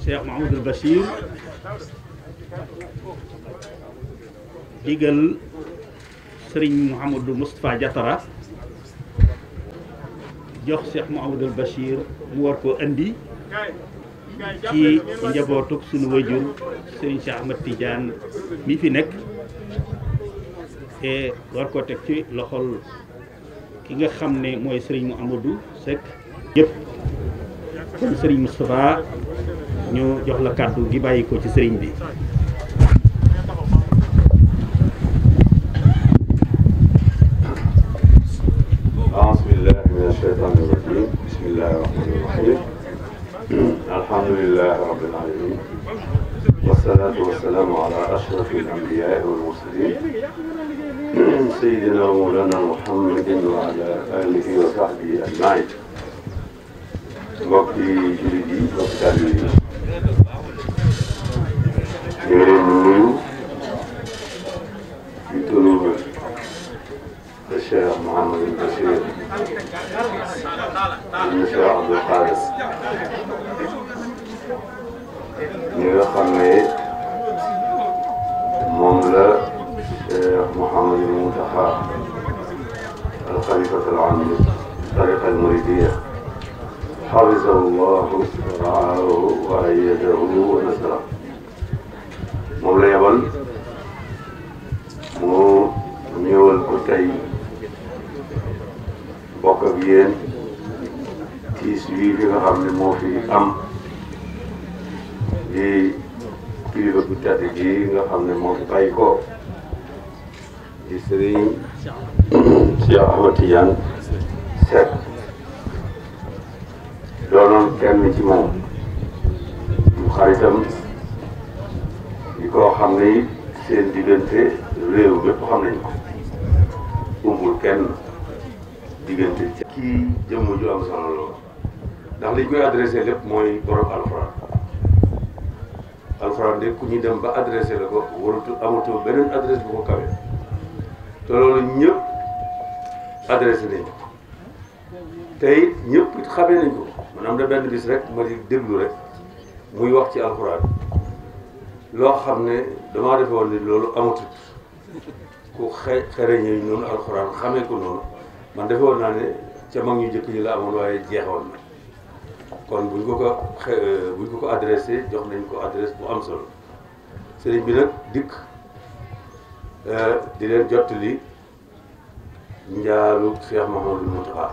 Cheikh Mahmoudul Bachir digal Serigne Mouhamadou Moustapha Diatara jox Cheikh Mahmoudul Bachir mu war koo andi ci njabootug sunu wajur Serigne Cheikh Ahmed Tidiane mi fi nekk te war koo teg ci loxol ki nga xam ne mooy sëriñ Mouhamadou Seck yëpp kon Serigne Moustapha. ñu jox la kàddu gi bàyyi ko ci sëriñ bi العميد طريق المريدية حفظه الله ورعاه وأيده ونصره moom la yebal mu ñëwal ko tey bokk ak yéen tiis wii fi nga xam ne moo fi am di kilifa bu tedd gi nga xam ne moo fi bàyyi ko di Cheikh Ahmad Tidiane Seck doonoon kenn ci moom mu xaritam di koo xam ne seen diggante réew bépp xam nañ ko umbul kenn diggante ci kii jëmm ju am solo lool ndax li ñu koy adressé lépp mooy borom alxuraan alxuraan de ku ñu dem ba adressé la ko waratu amatoo beneen adresse bu ko kawe te loolu ñëpp adressé nañ tey te it nañ ko man am na benn bis rek ma di déglu rek muy wax ci alxuraan loo xam ne damaa defe woon ni loolu amatut ku xe xereñee noonu alxuraan xamee ko noonu man defe woon naa ne ca mag ñu jëkk ñu la amoon waaye jeexoon na kon buñ ko ko xe buñ ko ko adressé jox nañ ko adresse bu am solo sëriñ bi nag dikk Euh, di leen jottali njaalu Cheikh Mouhamadou Mountakha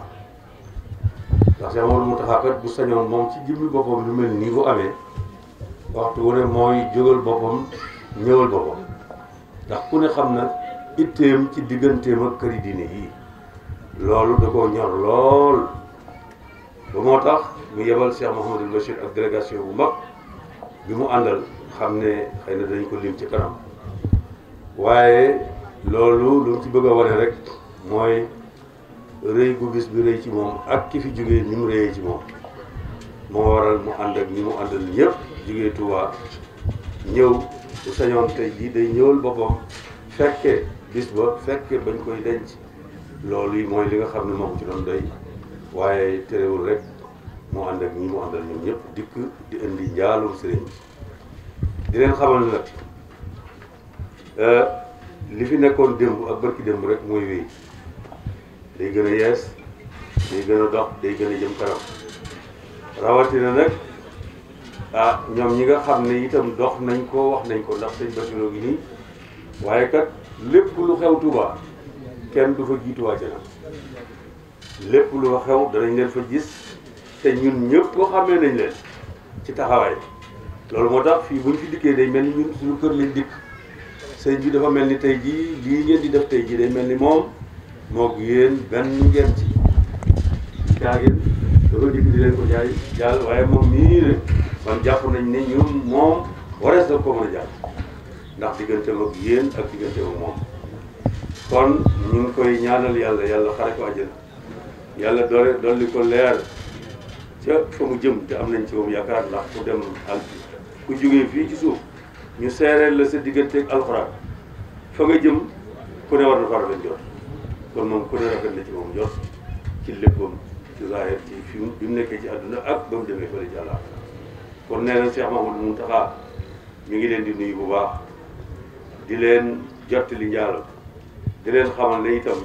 ndax Cheikh Mouhamadou Mountakha kat bu sañoon moom ci jëmmi boppam lu mel nii bu amee waxtu wu ne mooy jógal boppam ñëwal boppam ndax ku ne xam na itteem ci digganteem ak këri diine yii loolu da koo ñor lool ba moo tax mu yebal Cheikh Mouhamadou Bachir ak délégation bu mag bi mu àndal xam ne xëy na dañ ko lim ci kanam. waaye loolu lu mu ci bëgg a wane rek mooy rëy gu gis bi rëy ci moom ak ki fi jógee ni mu rëyee ci moom moo waral mu ànd ak ñi mu àndal ñëpp jógee Touba ñëw bu sañoon tey jii day ñëwal boppam fekke bis ba fekke bañ koy denc loolu yi mooy li nga xam ne moo ko ci doon doy waaye terewul rek mu ànd ak ñi mu àndal ñoom ñëpp dikk di indi njaalum sëriñ di leen xamal nag Euh, li fi nekkoon démb ak barki démb rek mooy wéy day gën a yees day gën a dox day gën a jëm kanam rawatina nag ñoom ñi nga xam ne itam dox nañ ko wax nañ ko ndax sëñ Bassirou gi nii waaye kat lépp lu xew Touba kenn du fa jiitu waa Canam lépp lu wax xew danañ leen fa gis te ñun ñëpp ko xamee nañ leen ci taxawaay loolu moo tax fii buñ fi dikkee day mel ni ñun suñu kër lañ dikk sëñ bi dafa mel ni tey jii lii ngeen di def tey jii day mel ni moom mook ko benn ngeen ci jaageen dafa di leen ko jaay jàll waaye moom mii rek man jàpp nañ ne ñun moom warees na ko mën a jàll ndax digganteem ak yéen ak digganteem ak moom kon ñu koy ñaanal yàlla yàlla xare ko àjjana yàlla doole ko leer ca fa mu jëm te am nañ ci moom yaakaar ndax ku dem al ku jógee fii ci suuf ñu seereel la sa diggante ak fa nga jëm ku ne war na fa rafet jot kon moom ku ne rafet na ci moom jot ci léppam ci zaahir ci fi mu bi mu nekkee ci àdduna ak ba mu demee fële ci àllaa kon nee na Cheikh Mahmoud Mountakha mi ngi leen di nuyu bu baax di leen li njaalo di leen xamal ne itam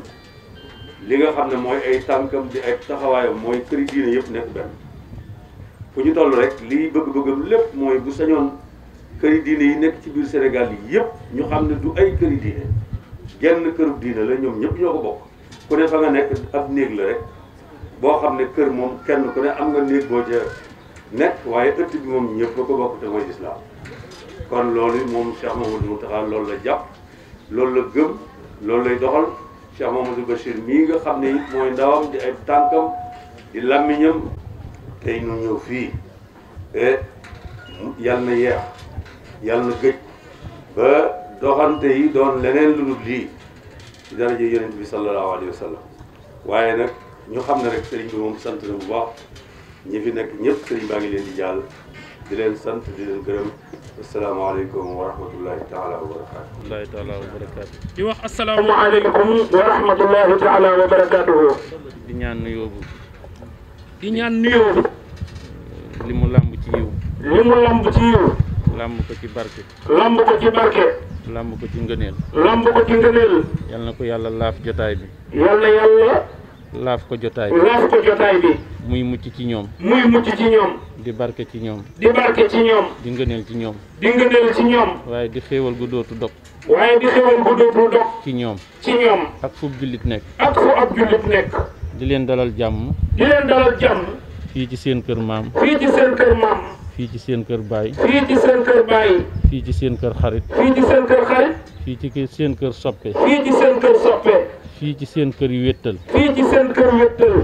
li nga xam ne mooy ay tànkam di ay taxawaayam mooy këri diine yëpp nekk benn fu ñu toll rek lii bëgg-bëggam lépp mooy bu sañoon këri diine yi nekk ci biir Sénégal yi yëpp ñu xam ne du ay këri diine genn këru diine la ñoom ñëpp ñoo ko bokk ku ne fa nga nekk ab néeg la rek boo xam ne kër moom kenn ku ne am nga néeg boo ca nekk waaye ëtt bi moom ñëpp ko bokk te mooy islaam kon loolu moom Cheikh Mamadou Mountakha loolu la jàpp loolu la gëm loolu lay doxal Cheikh Mamadou Bachir mii nga xam ne it mooy ndawam di ay tànkam di làmmiñam tey ñu ñëw fii eh, yàlla na yeex yàlla na gëj ba doxante yi doon leneen lu dul lii ci daraja yonent bi sallallahu alayhi wa sallam waaye nag ñu xam ne rek sëriñ bi moom sant na bu baax ñi fi nekk ñëpp sëriñ baa ngi leen di jàll di leen sant di leen gërëm asalaamaaleykum wa rahmatullahi taala wa barakaatu. wallahi taala wa barakaatu. di wax asalaamaaleykum wa rahmatullahi taala wa barakaatu. di ñaan nuyoo bu. di ñaan nuyoo bu. li mu lamb ci yiw. li mu lamb ci yiw. làmb ko ci barke. làmb ko ci barke. làmb ko ngëneel. làmb ko ci ngëneel. yal na ko yàlla laaf jotaay bi. yal na yàlla. laaf ko jotaay bi. muy mucc ci ñoom. muy mucc ci ñoom. di barke ci ñoom. di barke ci ñoom. di ngëneel ci ñoom. waaye di xéewal gu dootu dog. waaye di xéewal gu dootu dog. ci ñoom. ci ñoom. ak fu jullit nekk. ak fu ab jullit nekk. di leen dalal jàmm. di leen dalal jàmm. fii ci seen kër maam. fii ci seen kër maam. fii ci seen kër baay. fii ci seen kër baay. fii ci seen kër xarit. fii ci seen kër soppe. fii ci seen kër soppe. fii ci seen kër yu wéttal. fii ci seen kër wéttal.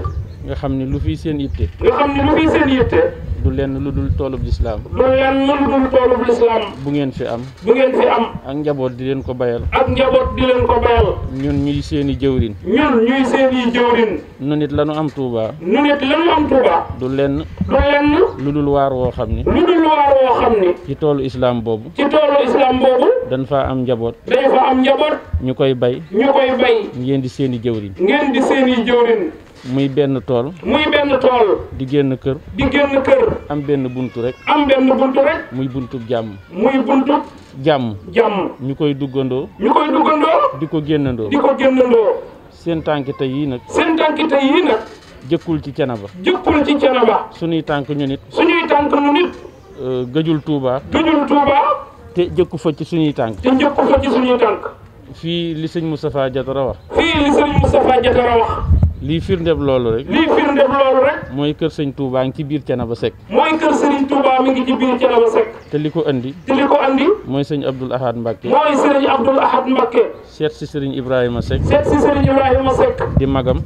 nga xam ni lu fi seen yitte. nga xam ne lu fi seen yitte. du lenn lu dul toolub lislaam du lenn lu dul toolub lislaam bu ngeen fi am bu ngeen fi am ak njaboot di leen ko bayal ak njaboot di leen ko bayal ñun ñuy seen jëwrin ñun ñuy seen jëwrin nu nit la am tuuba nu nit la am tuuba du lenn du lenn lu dul waar woo xam ni lu dul waar woo xam ni ci toolu islaam boobu ci toolu islaam boobu dañ faa am njaboot dañ faa am njaboot ñu koy bay ñu koy bay ngeen di seeni i jëwrin muy benn tool. muy benn tool. di génn kër. di génn kër. am benn bunt rek. am benn buntu rek. muy buntu jàmm. muy buntu. jàmm. jàmm. ñu koy duggandoo. di ko génnandoo. di ko génnandoo. seen tànk te yii nag. seen tànk tey yii nag. jëkkul ci cana ba. jëkkul ci cana ba. suñuy tànk ñu nit. suñuy tànk ñu nit. Euh, gëjul Touba. gëjul Touba. te jëkku fa ci suñuy tànk. te jëkku fa ci suñuy tànk. fii li sëñ Moustapha Diatara wax. fii wax. lii firndeb loolu rek. loolu rek. mooy kër sëñ Touba ngi ci biir Thiénaba Seck. mooy kër sëriñ Touba mi ngi ci biir Thiénaba Seck. te li ko andi. te li ko indi mooy sëñ Abdoul Ahad Mbacké. mooy sëriñ Abdoul Ahad Mbacké. seet si sëriñ Ibrahima Seck. di magam.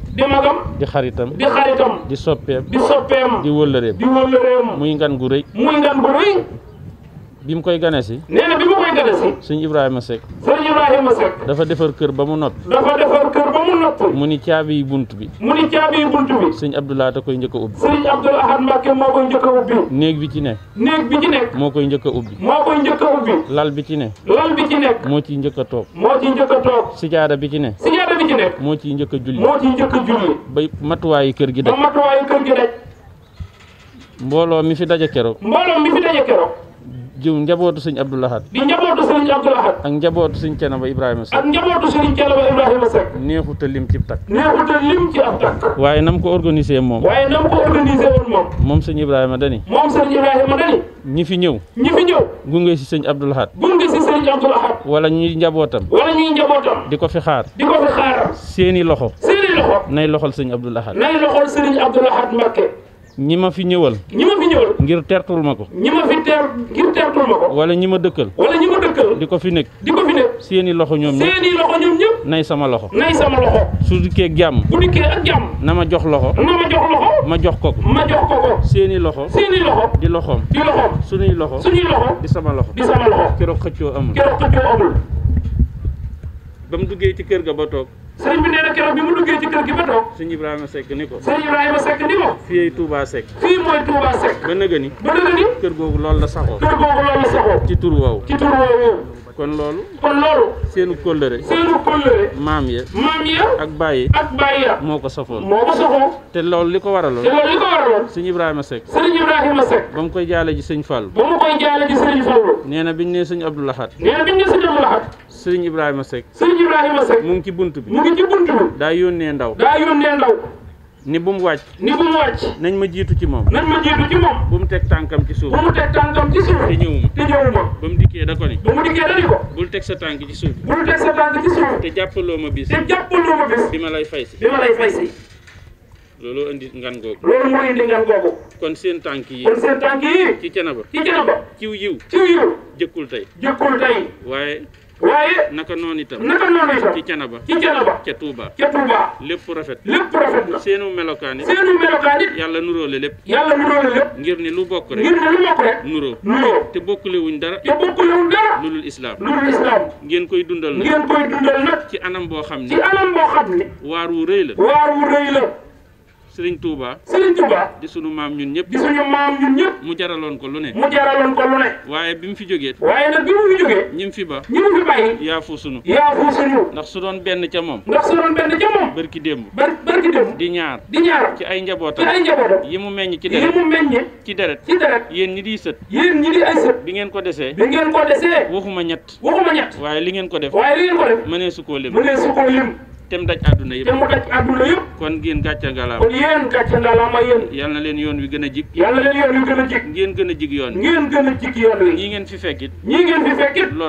di xaritam. di xaritam. di soppeem. di soppeem. di wëllëreem. di wëllëreem. muy ngan gu rëy. muy ngan gu rëy. bi mu koy gane si. nee na bi mu koy gane sëñ Ibrahima Seck. dafa defar kër ba mu noppi. noppul mu ni caabi yi bunt bi mu ni caabi yi bunt bi sëñ Abdoulaye da koy njëkk a ubbi sëñ Abdoul Ahad Mbacke moo koy njëkk a ubbi néeg bi ci nekk néeg bi ci nekk moo koy njëkk a ubbi moo koy njëkk a ubbi lal bi ci nekk lal bi ci nekk moo ciy njëkk a toog moo ciy njëkk a toog sijaada bi ci nekk sijaada bi ci nekk moo ciy njëkk a julli moo ciy njëkk a julli ba matuwaayu kër gi daj ba matuwaayu kër gi daj mbooloo mi fi daje keroog mbooloo mi fi daje keroog jiw njabootu sëñ Abdou di njabootu sëñ Abdou ak njabootu sëñ Cenaba Ibrahima Ibrahima Seck neexuta lim ci takk neexuta lim ci ab takk waaye nam ko organisé moom waaye nam ko organisé woon moom moom sëñ Ibrahima dani moom sëñ Ibrahima dani ñi fi ñëw ñi fi ñëw gunge si sëñ Abdou Lahad si sëñ Abdou Lahad ñuy njabootam wala ñuy njabootam di ko fi xaar di ko fi xaar seeni loxo seeni loxo nay loxol sëñ Abdou Lahad ñi ma fi ñëwal. ñi ma fi ñëwal. ngir tertul ma ko. ñi ma fi tertul ma ko. wala ñi ma dëkkal. di ko fi nekk. di ko fi nekk. seeni loxo ñoom ñëpp. seeni loxo ñoom ñëpp. nay sama loxo. nay sama loxo. su dikkee jàmm. bu dikkee ak jàmm. na ma jox loxo. na ma jox loxo. ma jox ko ko. seeni loxo. seeni loxo. di loxoom. di loxoom. suñuy loxo. loxo. di sama loxo. di sama loxo. keroog xëccoo amul. keroog xëccoo amul. ba mu duggee ci kër ga ba toog sëriñ bi nee na keroog bi mu duggee ci kër gi ba toog sëriñ Ibrahima Seck ni ko sëriñ Ibrahima Seck ni ko fii ay Touba Seck fii mooy Touba Seck ba nëga ni ba nëga ni kër googu loolu la saxoo kër googu loolu la saxoo kon loolu kon loolu seenu kóllëre seenu kóllëre maam ya maam ya ak bàyyi ak bàyyi ya moo ko safoon te loolu li ko waraloon te loolu li ko waraloon sëñ Ibrahima Seck sëñ Ibrahima ba mu koy jaale ji sëñ Fall ba mu koy nee na biñ ne sëñ sëriñ Ibrahima Seck sëriñ a Seck mu ngi ci bunt bi mu ngi ci bunt bi daa yónnee ndaw daa yónnee ndaw ni bu mu wàcc ni bu mu wàcc nañ ma jiitu ci moom nañ ma jiitu ci moom bu mu teg tànkam ci suuf bu mu teg tànkam ci suuf te ñëwuma te ñëwuma ba ko ni ko bul teg sa tànk ci suuf bul teg te jàppaloo ma bis bis bi ma lay fay si ma lay fay si loolu indi ngan googu indi ngan googu kon seen tànk yi kon seen tànk yi ci canaba ci canaba ciw yiw ciw yiw jëkkul tey jëkkul tey waaye waaye naka noonu itam naka noonu itam ci canaba ci canaba ca Touba ca Touba lépp rafet lépp rafet na seenu melokaan it seenu melokaan it yàlla nuróole lépp yàlla nuróole lépp ngir ne lu bokk rek ngir ne te bokkule wuñ dara te bokkule dara lu dul islaam lu dul islaam ngeen koy dundal nag ngeen koy ci anam boo xam ni ci boo xam ne waar wu rëy la waar wu rëy la Serigne Touba. Serigne Touba. di sunu maam ñun ñëpp. di sunu maam ñun ñëpp. mu jaraloon ko lu ne. mu jaraloon ko lu ne. waaye bi mu fi jógee. waaye nag bi mu fi jógee. ñi mu fi ba. ñi mu fi bàyyi. yaafu sunu. yaafu sunu. ndax su doon benn ca moom. ndax su doon benn ca moom. barki démb. bar barki démb. di ñaar. di ñaar ci ay njabootam. ci ay njabootam. yi mu meññ ci deret. yi mu meññ. ci deret. ci deret. yéen ñi di sët. yéen ñi di ay sët. bi ngeen ko desee. bi ngeen ko desee. waxuma ñett. waxuma ñett. waaye li ngeen ko def. waaye li ngeen ko def. mënee su koo lim. mënee su koo lim. te mu daj àdduna yëpp te mu daj àdduna yëpp kon ngeen gàcce ngalaam kon yéen gàcce ngalaama yéen yal na leen yoon wi gën a jig yal na leen yoon wi gën a jig ngeen gën a jig ngeen gën a jig yoon wi ñii ngeen fi fekkit ñii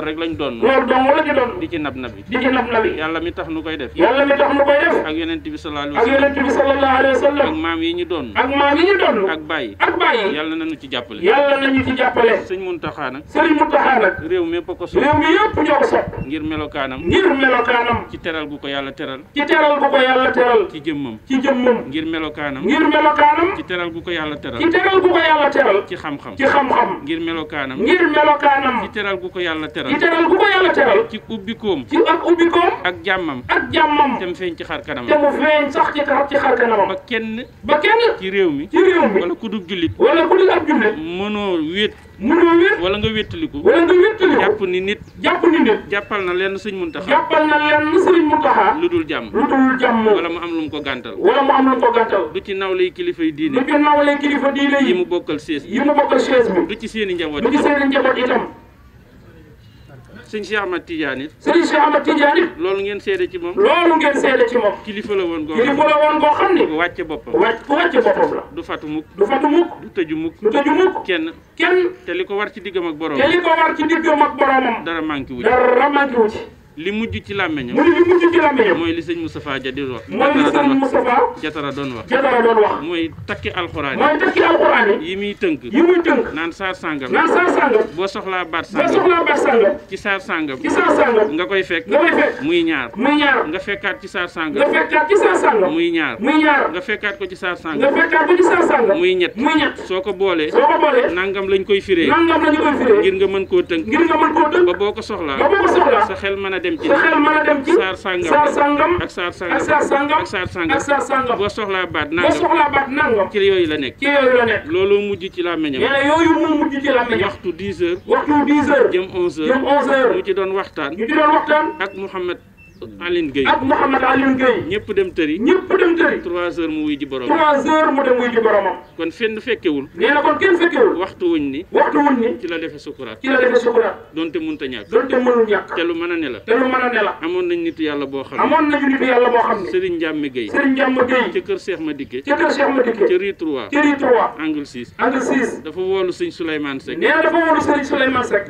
rek lañ doon loolu dong la ñu doon di ci nab nabi di ci nab nabi yàlla mi tax nu koy def yàlla mi tax nu koy def ak yonent bi sallallahu ak ak maam yi ñu doon ak maam yi ñu doon ak bàyyi ak bàyyi yàlla nañu ci jàppale yàlla nañu ci jàppale sëñ Muntaxa nag sëñ Muntaxa nag réew mi yëpp ko sopp réew mi yëpp ñoo ko sopp ngir teral ci teral gu ko yàlla teral ci jëmmam ci jëmmam ngir melokaanam ngir melokaanam ci teral gu ko yàlla teral ci teral gu ko yàlla teral ci xam-xam ci xam-xam ngir melokaanam ngir melokaanam ci teral gu ko yàlla teral ci teral gu ko yàlla teral ci ubbikoom ci ak ubbikoom ak jàmmam ak jàmmam te mu feeñ ci xar kanamam te mu feeñ sax ci xar ci xar ba kenn ci réew mi ci réew jullit mënoo wéet mënoo wér wala nga wéttaliku wala nga wéttaliku jàpp ni nit jàpp ni nit jàppal na lenn sëñ Muntaxa jàppal na lenn sëñ Muntaxa lu dul jàmm lu dul jàmm wala mu am lu mu ko gàntal wala mu am lu mu ko gàntal du ci nawlay kilifa yi diine du ci nawlay kilifa diine yi mu bokkal sées yi mu bokkal sées bi du ci seen i njaboot du ci seen i njaboot itam sëñ Cheikh Ahmad Tidiane it sëñ Cheikh Ahmad Tidiane loolu ngeen seede ci moom loolu ngeen seede ci moom kilifa la woon goo kilifa la woon goo xam ne ku wàcce boppam ku wàcce boppam la du fatu mukk du fatu mukk du tëju mukk kenn kenn te li ko war ci diggam ak borom te dara manqué wu ci dara manqué wu ci li mujj ci làmmeñam mu li mujj ci làmmeñam mooy li sëñ Moustapha Dia di wax mooy li sëñ Moustapha jatara doon wax jatara doon wax mooy takki alxuraan mooy takki alxuraan yi muy tënk yi muy tënk naan saar sàngam naan saar sàngam boo soxlaa baat sàngam boo soxlaa baat sàngam ci saar sàngam ci saar sàngam nga koy fekk nga koy fekk muy ñaar muy ñaar nga fekkaat ci saar sàngam nga fekkaat ci saar sàngam muy ñaar muy ñaar nga fekkaat ko ci saar sàngam nga fekkaat ko ci saar sàngam muy ñett muy ñett soo ko boolee soo ko boolee nangam lañ koy firee nangam lañ koy firee ngir nga mën koo tënk ngir nga mën koo tënk ba boo ko soxlaa ba boo ko soxlaa sa xel mën a dem ci fexeel mën a dem ci saar sàngam saar sàngam ak saar sàngam ak saar sàngam ak saar sàngam ak saar sàngam boo soxlaa baat nangam boo soxlaa baat nangam ci yooyu la nekk ci yooyu la nekk looloo mujj ci làmmiñam nee na yooyu moo mujj ci làmmiñam waxtu 10 heures waxtu 10 heures jëm 11 heures jëm 11 heures mu ci doon waxtaan mu ci doon waxtaan ak Mouhamed Aline Gueye ak Mouhamad Aline Gueye. ñëpp dem tëri. ñëpp mu wuy ji boromam. trois mu dem wuy ji boromam. kon fenn fekkewul. nee na kon kenn fekkewul. waxtu wuñ ni. waxtu wuñ ni. ci la defee sukuraat. ci la defee sukuraat. donte mënut a ñàkk. donte mënul ñàkk. te lu mën a ne la. te lu mën a ne la. amoon nañ nitu yàlla yàlla boo xam ne. Serigne Ndiame Gueye. ca kër Cheikh Madické. ca kër Cheikh Madické. ca ca rue 3. angle 6. angle 6. dafa woolu Serigne Souleymane Seck. nee na dafa woolu Serigne Souleymane Seck.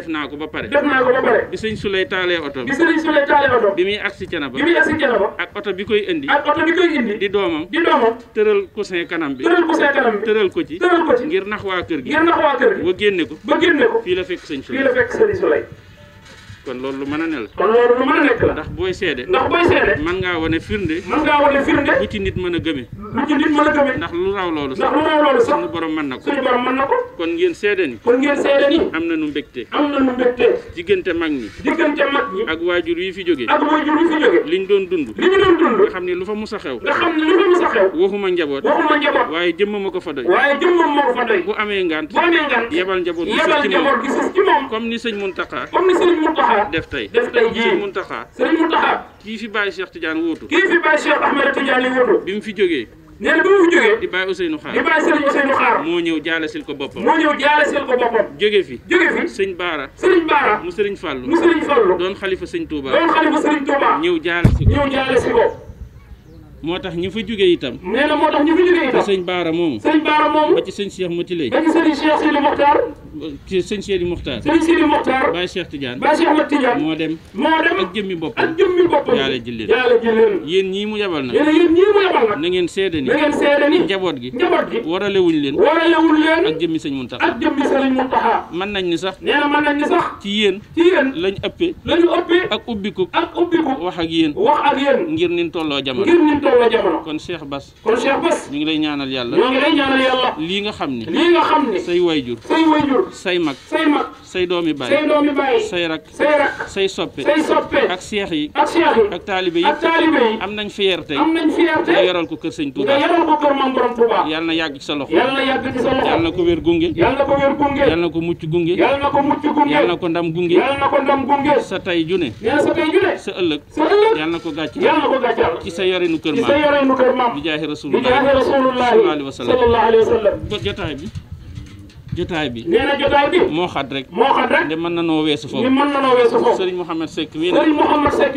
def naa ko ba pare. def naa ko ba pare. bi sëñ Suley taalee oto. bi sëñ Suley taalee oto. bi muy agsi Thiénaba. bi ak oto bi koy indi. ak oto bi koy indi. di doomam. tëral coussin kanam bi. tëral kanam bi. tëral ko ci. tëral ngir nax waa kër gi. ngir nax waa kër gi. ba génne ko. ba génne ko. fii la fekk sëñ Suley. kon loolu lu mën a ne la kon loolu lu mën a ndax booy seede ndax booy seede ngaa wane firnde mën ci nit mën a gëme bu ci nit mën a gëme ndax lu raw loolu ndax lu raw loolu sax suñu borom mën na ko suñu borom mën na ko kon ngeen seede ni kon am na nu mbégte am na nu mbégte diggante mag ñi diggante mag ñi ak waajur yi fi jógee ak waajur yi fi jógee doon dund li ñu doon dund nga xam ne lu fa musa xew nga xam ne lu fa musa xew waxuma njaboot waxuma njaboot waaye jëmm ma ko fa doy waaye jëmm ma ko fa doy bu amee ngant bu amee ngant yebal njaboot yebal njaboot gi sës ci moom comme ni sëñ Muntaxa comme def tey def tey jii Sëriñ Muntaxa Sëriñ Muntaxa kii fi bàyyi Cheikh Tidiane wóotu kii fi bàyyi Cheikh bi mu fi jógee nee na bi mu fi jógee di bàyyi Ousseynou Xaar Xaar moo ñëw jaalesil ko boppam moo ñëw jaalesil ko boppam jóge fi jóge fi sëñ Baara sëriñ Baara mu sëriñ Fàllu mu sëriñ Fàllu doon xalifa sëñ Touba doon xalifa sëriñ Touba ñëw jaalesi ñëw jaalesi ko moo tax ñu fa jógee itam nee na moo tax ñu fa jógee itam te sëñ Baara moomu sëñ Baara moomu ba ci sëñ Cheikh Matiley ba ci sëriñ Cheikh Sidi Mokhtar kii sëñ Sidi Mokhtar. sëñ Sidi Mokhtar. Baye Cheikh Tidiane. moo dem. ak jëmmi boppam. mu yabal nag. yéen ñii mu na ngeen seede ni. njaboot gi. njaboot gi waralewuñ leen. waralewuñ leen. ak jëmmi sëñ Muntaxa. ak jëmmi nañ ni sax. nee na mën nañ sax. ci yéen. ci yéen lañ ëppee. lañ ëppee. ak ubbiku. ak wax ak yéen. wax ak yéen. ngir nin tolloo jamono. ngir nin tolloo jamono. kon Cheikh Bass. kon Cheikh Bass. ñu ngi lay ñaanal yàlla. ñu ngi lay ñaanal yàlla. lii nga xam ni. lii nga xam ni. say wayjur. say wayjur waajur say mag say mag say doomi baay say doomi baay say rak say rak say soppe say soppe ak seex yi ak seex yi ak taalibe yi ak taalibe yi am nañ fierté am nañ fierté nga yoral ko kër sëñ Touba nga na yàgg ci sa loxo yàlla na yàgg ci ko wér gunge yàlla na ko mucc gunge yàlla na ko ndam gunge ko ndam gunge sa tay june sa sa ëllëg sa na ko gàcce yàlla na ko ci sa yorinu kër maam ci sa jotaay bi jotaay bi nee moo xat rek moo xat mën na noo weesu foofu ne mën na noo weesu foofu Serigne Mouhamed Seck mii Serigne Mouhamed Seck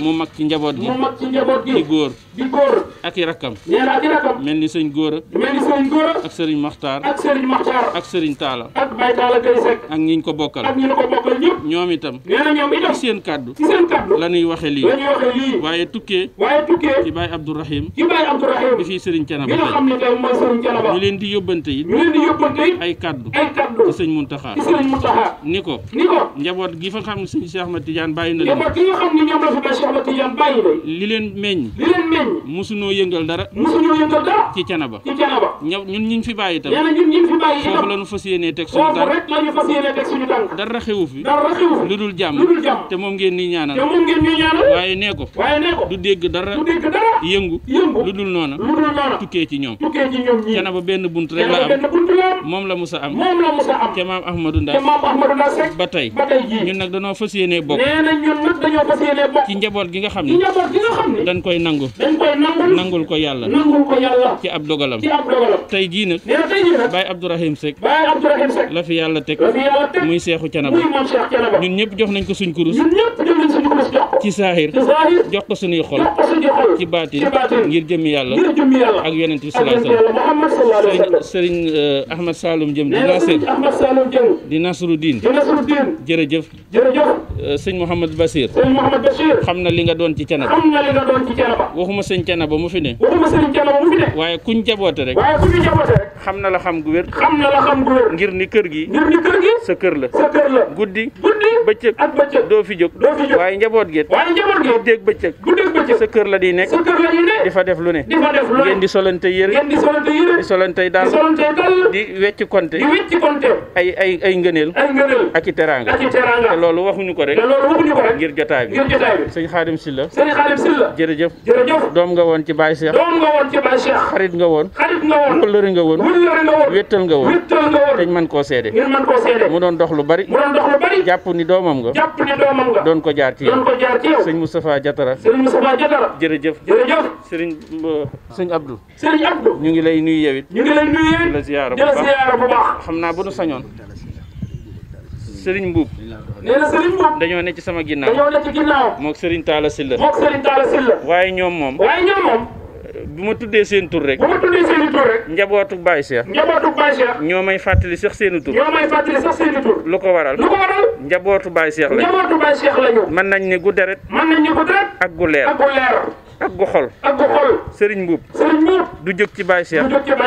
mu mag ci njaboot gi mu mag ci njaboot gi di góor di góor ak i rakkam nee na ak i rakkam mel ni sëñ góor a a ak Serigne Makhtar ak Serigne Makhtar ak Serigne Talla ak Baye ak ñi ko bokkal ak ñi ñu ko bokkal ñëpp ñoom itam nee na ñoom ci seen kàddu ci seen lii waaye tukkee waaye tukkee ci Baye Abdourahim ci Baye Abdourahim bi fii Serigne mooy sëriñ Thiénaba ñu leen di yóbbante yi ñu leen di yóbbante yi ay kaddu ci sëñ Muntaxa ci sëñ Muntaxa ni ko ni ko njaboot gi fa xam ne sëñ Cheikh Ahmad Tidiane bàyyi na leen njaboot la fi ba Cheikh Ahmad Tidiane bàyyi li leen meññ li leen meññ mosunoo yëngal dara mosunoo yëngal dara ci Thiénaba ci Thiénaba ñun ñun fi bàyyi itam nee na ñun ñun fi ñu teg suñu ñu fas yéenee teg suñu tànk dara xewu fi dara xewu fi lu dul jàmm lu dul jàmm te moom ngeen ni ñaanal te moom ngeen ni ñaanal waaye nee ko waaye nee ko du dégg dara du dégg dara yëngu yëngu lu dul noona tukkee ci ñoom ci ñoom ñii canaba benn bunt rek la am moom la musa am moom am te maam Ahmadou Ndaas ba tey ba nag danoo fa yéenee bokk nee na ci njaboot gi nga xam ni dañ koy nangu dañ nangul ko yàlla ci ab dogalam tey jii nag nee na tey la fi yàlla teg la fi yàlla muy seexu canaba muy moom jox nañ ko suñ kurus ci saahir jox ko suñuy xol ci baatin ngir jëmmi yàlla ak yonent bi sallallahu alayhi wa sallam sëriñ eh, Ahmad Saloum jëm di Nasir di Nasru Diin jërëjëf eh, sëñ Mouhamad Basir xam na li nga doon ci canaba waxuma sëñ canaba mu fi ne waaye kuñ jaboote rek xam na la xam gu wér. xam na la xam gu wér. ngir ni kër gi. ngir ni kër gi. sa kër la. sa kër la guddi. guddi bëccëg ak bëccëg doo fi jóg. doo fi jóg waaye njaboot gi. waaye njaboot gi guddeeg bëccëg. guddeeg bëccëg sa kër la di nekk. sa kër la di nekk di fa def lu ne. di fa def lu ne ngeen di solante yére. ngeen di solante yére. di solante daal di solante daal. di wecc konte. di wecc konte. ay ay ay ngëneel. ay ngëneel ak i teraanga. ak i teraanga te loolu waxuñu ko rek. te loolu waxuñu ko rek ngir jotaay bi. ngir jotaay bi sëñ Xaadim Silla. sëñ Xaadim Silla. jërëjëf. jërëjëf doom nga woon ci Baay Cheikh. doom nga woon ci Baay Cheikh. xarit nga woon. xarit nga woon. wëllëri nga woon. wuñ yore nga woon wéttal nga woon wéttal nga mën koo seede ngeen mu doon dox lu bari jàpp ni doomam nga jàpp ni doomam nga doon ko jaar ci yow sëñ Moustapha Diatara sëñ Moustapha Diatara jërëjëf jërëjëf sëñ euh, Abdou sëriñ Abdou ñu ngi lay nuyu yewit ñu ngi lay nuyu yewit la ziyaara bu baax ziyaara xam naa bu sañoon Serigne Mbuub nee dañoo ne ci sama ginnaaw dañoo ne ci mook Serigne Talla Sylla waaye ñoom moom bu ma tuddee seen tur rek. bu ma tuddee seen tur rek. njabootu Baye Cheikh. njabootu Baye ñoo may fàttali sax seen tur. lu ko waral. lu ko waral. njabootu Baye Cheikh lañu. njabootu nañ ne gu deret. mën nañ ne ak gu ak gu leer. ak gu xol ak sëriñ mbuub du jóg ci Baye Cheikh du jóg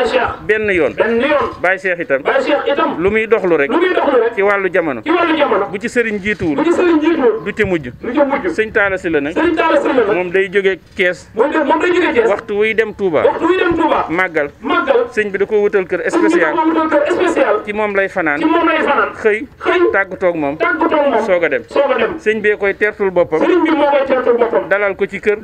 benn yoon benn yoon Baye Cheikh itam Baye Cheikh itam lu muy doxlu rek lu muy doxlu rek ci wàllu jamono ci wàllu jamono bu ci sëriñ jiituwul ci sëriñ jiituwul du ca mujj du ca mujj sëñ Talla la nag sëñ Talla Sylla moom day jógee kees moom day jógee kees waxtu wuy dem Touba waxtu wuy dem Touba màggal màggal sëñ bi da ko wutal kër spécial ci moom lay fanaan ci moom lay fanaan xëy xëy tàggutoog moom tàggutoog soog a dem soog a sëñ bee koy teertul boppam sëriñ bi moo koy teertul boppam dalal ko ci kër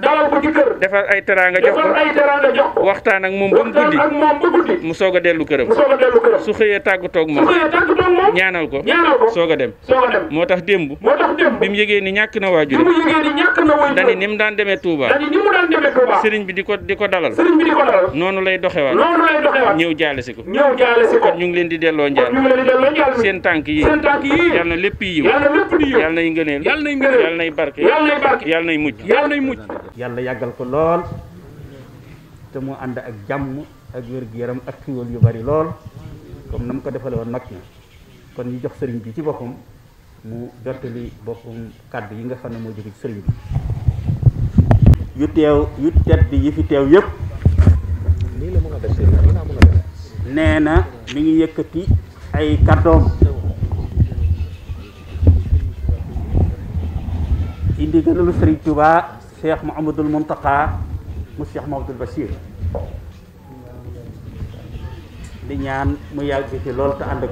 kër defar ay teraanga jox ko ay teraanga jox ko waxtaan ak moom ba mu guddi mu soog a dellu këram mu soog su xëyee tàggatoo ak moom ñaanal ko ñaanal soog a dem soog moo tax démb moo bi mu yëgee ni ñàkk na waajur bi mu yëgee ni mu daan demee Touba sëriñ bi di ko di ko dalal sëriñ bi di ko dalal noonu lay doxewaat ñëw jaale si ko ñëw jaale si ñu leen di delloo njaal seen tànk yi seen tànk yi yàlla na lépp yiw yàlla nay ngëneel yàlla nay barke yàlla nay barke yàggal ko lool te mu ànd ak jàmm ak wér-gu-yaram ak xiwal yu bari lool comme na mu ko defale woon mag ñi kon ñu jox sëriñ bi ci boppam mu jottali boppam kàddu yi nga xam ne moo jóge ci sëriñ bi yu teew yu tedd yi fi teew yépp nee na mu ngi yëkkati ay kàddoom indi gënalu sëriñ Tuubaa cheikh Mouhamadul Mountakha mu cheikh Mouhamadul Bachir ñaan mu yàgg ci lool te ànd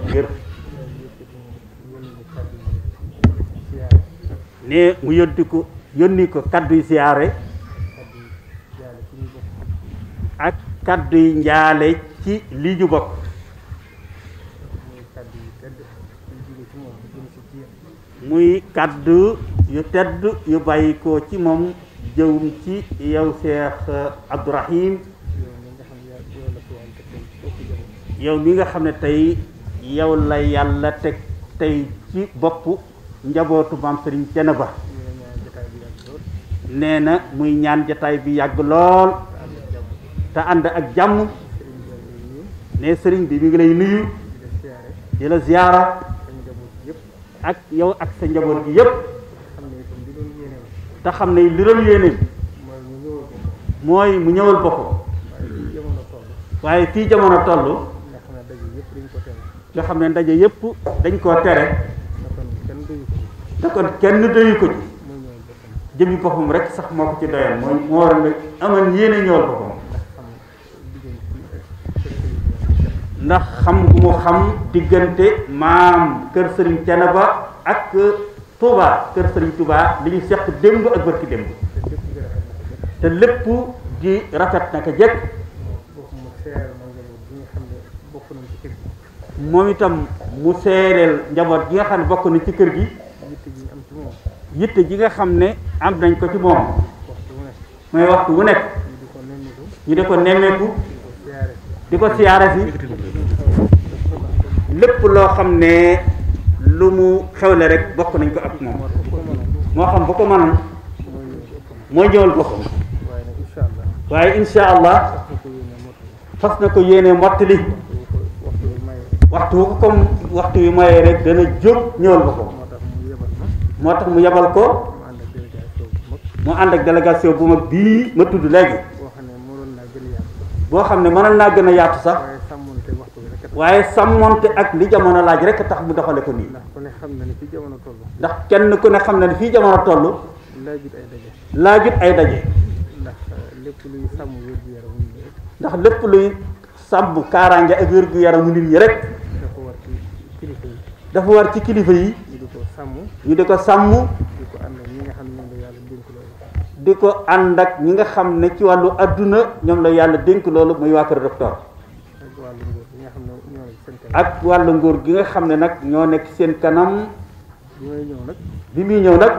ne mu yónni ko yónni ko kaddu yu siyaare ak kaddu yu njaale ci lii ñu bokk muy kaddu yu tedd yu bàyyi ko ci moom jëw ci yow Cheikh Abdourahim yow mi nga xam ne tey yow la yàlla teg tey ci bopp njabootu maam sëriñ Thiénaba nee na muy ñaan jataay bi yàgg lool te ànd ak jàmm ne sëriñ bi mu ngi lay nuyu di la ak yow ak sa njaboot gi yépp te xam ne li doon yéeneem mooy mu ñëwal boppam waaye fii jamono toll nga xam ne ndaje yépp dañ koo tere te kon kenn doyu ko ci jëmi boppam rek sax moo ko ci doyoon mooy moo war a amal yéene ñëwal boppam ndax xam mu xam diggante maam kër sëriñ Thiénaba ak Touba kër Serigne Touba li ñu seq démb ak bërki démb te lépp di rafet naka jekk moom itam mu seereel njaboot gi nga xam ne bokk na ci kër gi yitte ji nga xam ne am nañ ko ci moom mooy waxtu wu nekk ñu di ko nemmeeku di ko siyaare si lépp loo xam ne lu mu xewle rek bokk nañ ko ak moom moo xam bu ko mënoon mooy ñëwal boppam waaye insha allah fas na ko yéene mottali waxtu wu ko waxtu wi mayee rek dana jóg ñëwal boppam moo tax mu yebal ko mu ànd ak délégation bu mag bii ma tudd léegi boo xam ne mënoon naa gën a yaatu sax waaye sàmmonte ak li jamono laaj rek tax mu doxale ko nii. ndax ku xam na ne fii jamono toll. ndax kenn ku ne xam ne fii jamono toll. laajut ay daje. laajut ay daje. ndax euh, lépp luy sàmm ndax lépp luy sàmm kaaraange ak wér yaram yaramu nit ñi rek. dafa war ci kilifa yi. dafa war ci kilifa yi. ñu di ko sàmm. ñu di ko sàmm. di ko ànd ak ñi nga xam ne yàlla dénk loolu. ko ànd ak ñi nga xam ne ci wàllu adduna ñoom la yàlla dénk loolu muy waa kër ak wàllu nguur gi nga xam ne nag ñoo nekk seen kanam. bi muy ñëw nag. bi muy ñëw nag.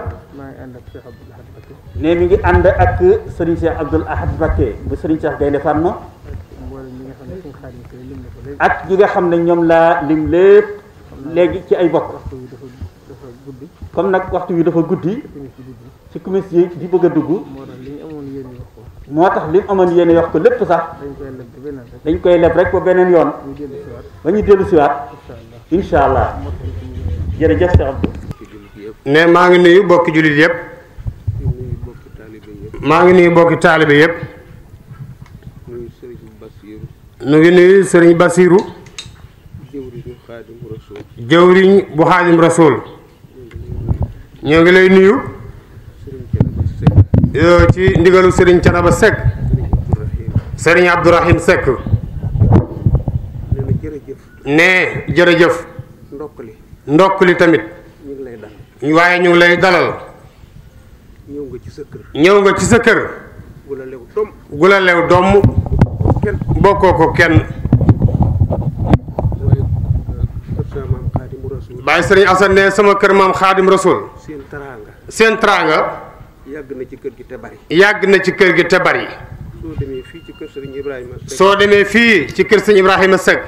ne mi ngi ànd ak Serigne Cheikh Abdoul Ahad Mbacké ba Serigne Cheikh Gaynde ma ak ñi nga xam ne ñoom laa lim lépp léegi ci ay bokk. comme nag waxtu wi dafa guddi. ci commission yi di bëgg a dugg. moo tax li mu amoon yéene wax ko lépp sax dañ koy leb rek ba beneen yoon ba ñu dellu siwaat incha allah jërëjëf Cheikh Abdou ne maa ngi nuyu bokki jullit yëpp maa ngi nuyu bokki taalibe yëpp nu ngi nuyu sëriñ Basiru jëwriñ bu xaadim rasul ñoo ngi lay nuyu ci ndigalu Serigne Canaba Seck Serigne Abdourahim Seck nee jërëjëf ndokk li tamit waaye ñu ngi lay dalal ñëw nga ci sa kër ci sa kër gu la lew doom bokkoo ko kenn bàyyi Serigne Assane ne sama kër maam Xaadim Rasul seen teraanga yàgg na ci kër gi te bari. yàgg na ci kër gi te bari. soo demee fii ci kër sëñ Ibrahima Seck. soo demee fii ci kër sëñ Ibrahima Seck.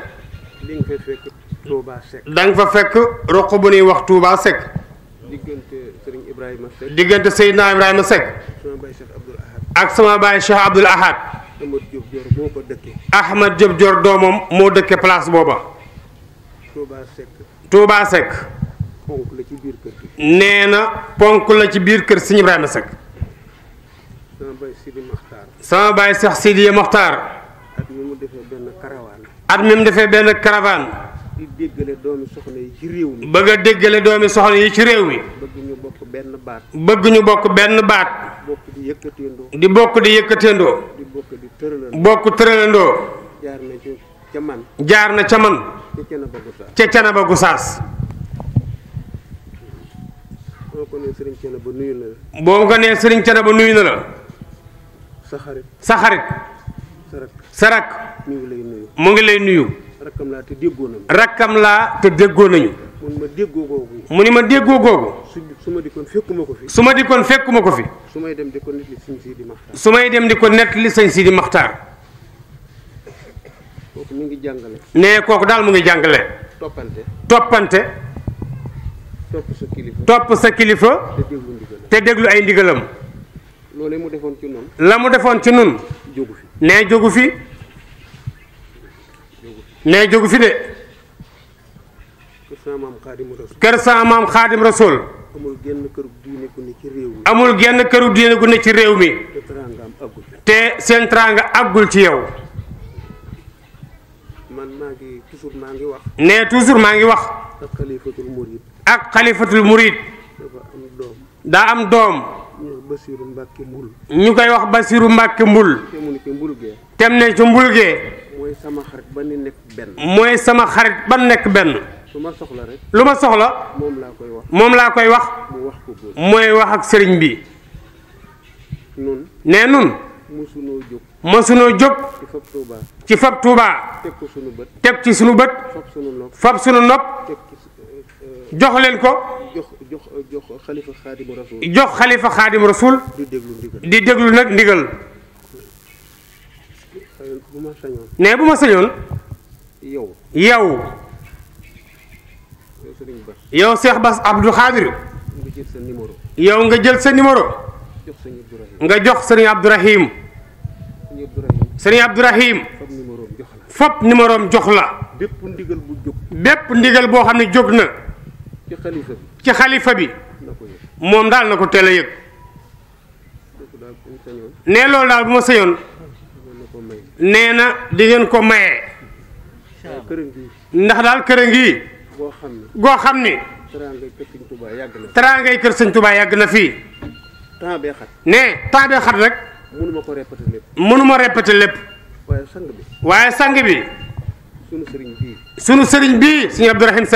li nga fa fekk da nga fekk roq bu ñuy wax tuubaa Seck. diggante sëriñ Ibrahima Seck. diggante Seydina Ibrahima Seck. ak sama baay Cheikh Abdoul Ahad. Ahmad Diop Dior ko dëkkee. Ahmad Diop doomam moo dëkkee place booba. Touba Seck. ci biir kër gi. nee na ponk la ci biir kër sëñ Ibrahima Seck. sama baay Sidi Mokhtar. sama baay at mi mu defee benn caravane. ci réew mi. bëgg a déggale doomi soxna yi ci réew mi. bëgg ñu bokk benn baat. bëgg ñu di yëkkateendoo. di bokk di yëkkateendoo. bokk di jaar na ca man. jaar na ca man. ca Canaba Gusaas. ca boo ko nee Serigne Canaba nuyu na la. boo Canaba nuyu na la. sa xarit sa xarit. sarak mu ngi lay nuyu. rakkam laa te déggoo nañu. rakkam laa te déggoo nañu. mu ni ma déggoo googu. mu ni ma déggoo googu. su ma dikkoon fekkuma ko fi. su ma dikkoon fekkuma ko fi. su may dem di ko nettali sëñ su may dem di ko nettali sëñ Sidi kooku ngi jàngale. nee kooku daal mu ngi jàngale. toppante. toppante. topp sa topp sa kilifa. te déglu ay ndigalam. loolee mu defoon ci nun la mu defoon ci nun jógu fi nee jógu fi nee jógu fi de kër saamaam xaadim rasul kër saamaam xaadim rasul amul genn këru diine gu ne ci réew mi amul genn këru diine gu ne ci réew mi te seen teraanga àggul ci yow man maa ngi toujours maa ngi wax nee toujours maa ngi wax ak xalifatul murid daa am doom ñu wax Basiiru Mbàkke Mbul. koy wax Basiiru Mbàkke Mbul. te mu ne ci Mbul gee. tem ne mooy sama xarit ba ni nekk benn. sama xarit ba nekk benn. lu ma soxla rek. lu ma soxla. moom laa koy wax. laa koy wax. wax ko mooy wax ak sëriñ bi. nun nee nun. mosunoo jóg. mosunoo jóg. ci fab Touba. ci teg ko sunu bët. teg ci sunu bët. fab sunu nopp. fab eh, eh, ko. jox jox xalifa xaadimu rasul. jox di déglu ndigal di nag ndigal. bu ma sañoon. ne bu ma sañoon. yow. yow. yow Cheikh Bass Abdou Khadir. nga jël sa numéro. yow nga jël sa numéro. nga jox sëriñ Abdourahim. sëriñ Abdourahim. jox la. bépp ndigal boo xam ne jóg na. ci xalifa bi moom daal na ko teel a yëg ne lool daal bu ma sëyoon nee na di ngeen ko maye ndax daal kër a ngi goo xam ni teraangay kër sëñ Touba yàgg na fii ne temps bee xat rek mënuma ko répété lépp mënuma répété lépp waaye sang bi waaye sang bi sunu sëriñ bii sunu sëriñ bii sëñ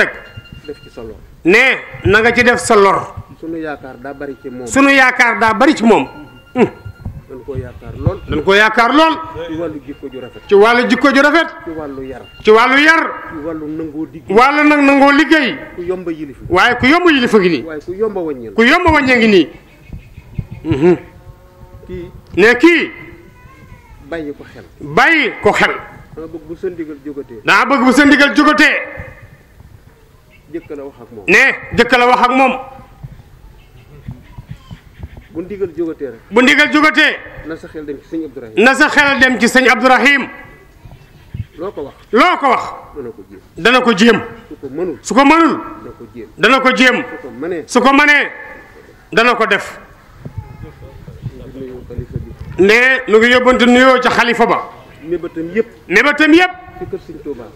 def ci solo ne na nga ci def sa lor. sunu yaakaar daa bari ci moom. sunu yaakaar bari ci moom. dañ koo yaakaar lool. dañ koo yaakaar lool. ci wàllu jikko ju rafet. ci wàllu jikko ju rafet. ci wàllu yar. ci wàllu yar. wàllu nangoo liggéey. wàllu nag nangoo liggéey. yomba yilif. waaye ku yomba yilif a ngi nii. waaye ku yomb wàññi yomba wàññi a ngi nii. kii. ne kii. bàyyi ko xel. bàyyi ko xel. daa bëgg bu sa ndigal jógatee. daa bëgg jógatee. jëkk na wax ak moom ne jëkk la wax ak moom. bu ndigal jógatee na sa xel dem ci sëñ Abdourahim. loo ko wax. ko wax. dana ko jéem. dana ko su ko mënul. dana ko jéem. dana ko jéem. su ko mënee. dana ko def. ne lu ngi yóbbante nuyoo ca xalifa ba. mébatam yëpp. mébatam yëpp.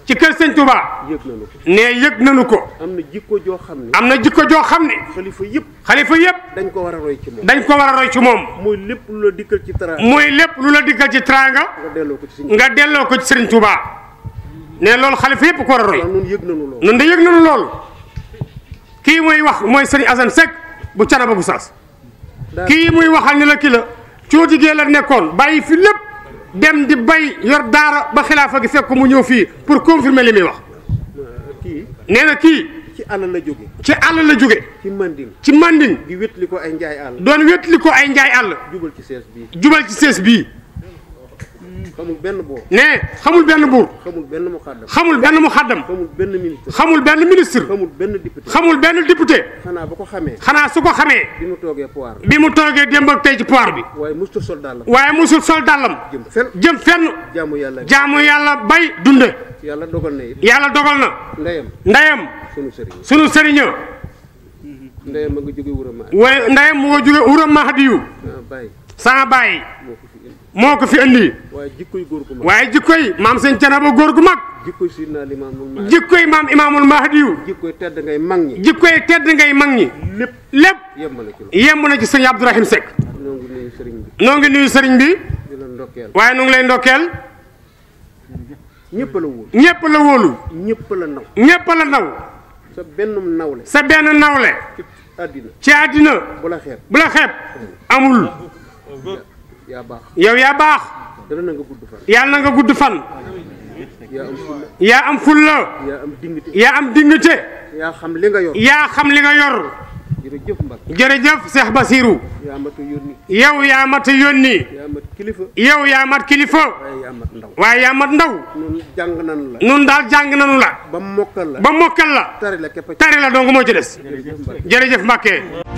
ci kër sëñ Touba. ci kër yëg nañu ko am na jikko joo xam ne. am na jikko joo xam ne. xalifa yëpp xalifa yëpp. dañ ko war a roy ci moom dañ ko a roy ci moom. muy lépp lu la dikkal ci teraanga. lépp lu la dikkal ci teraanga. nga delloo ko ci sëñ nga delloo ko ci sëñ Touba. nee loolu xalifa yëpp ko war a roy. waaw ñun yëg nañu loolu. ñun de yëg nañu loolu. kii muy wax mooy sëñ Assane Seck bu Canaba bu Saas. kii muy waxal ni la kii la cooti gee la nekkoon bàyyi fi lépp dem di bay yor daara ba xilaafa gi fekk mu ñëw fii pour confirmer li muy wax nee na kii ci àll la jóge ci àll la jóge ci manding ci manding di wétli ko ay njaay àll doon ko ay njaay àll jubal ci sees bii jubal ci sees bii xamul benn buur xamul benn buur. xamul benn mu xaddam xamul benn mu xaddam. xamul benn ministre xamul benn ministre. xamul benn xamul benn député. xanaa bu ko xamee. xanaa su ko xamee. bi mu toogee pouvoir bi. bi mu toogee ci pouvoir bi. waaye musul sol dàllam. waaye musul sol dàllam. jëm fenn jëm jaamu yàlla jaamu yàlla bay dunde. yàlla dogal na it. yàlla dogal na. ndeyam ndeyam. sunu sëriñ sunu sëriñ ndeyam mu nga jóge Wuro waaye ndeyam mu nga jóge Wuro Mahdi yu. moo ko fi indi waaye jikkoy góor gu mag waaye jikkoy maam seen canaba góor gu mag. jikkoy sidna limaamul mahdi jikkoy maam imaamul mahdiyu. jikkoy tedd ngay mag ñi. jikkoy tedd ngay mag ñi. lépp lépp yemb na ci loolu yemb na ci sëñ Abdourahim Seck. noo ngi nuyu sëriñ bi di la ndokkeel waaye nu ngi lay ndokkeel. ñëpp la wóolu ñëpp la wóolu. ñëpp la naw ñëpp la naw. sa benn nawle sa benn nawle. àddina ci àddina. bu la xeeb amul. yow yaa baax. yàlla na nga gudd fan. yàlla na nga gudd fan. yaa am fulla. yaa am dignité. yaa am dignité. yaa xam li nga yor. yaa xam li nga yor. jërëjëf Mbacke jërëjëf Cheikh Basirou. yaa mat yónni. yow yaa mat yónni. kilifa. yow yaa mat kilifa. waaye yaa mat ndaw. waaye yaa mat ndaw. nun jàng nanu la. nun daal jàng nanu la. ba mokkal la. ba mokkal la. tari la képp tari la donc moo ci des. jërëjëf Mbacke.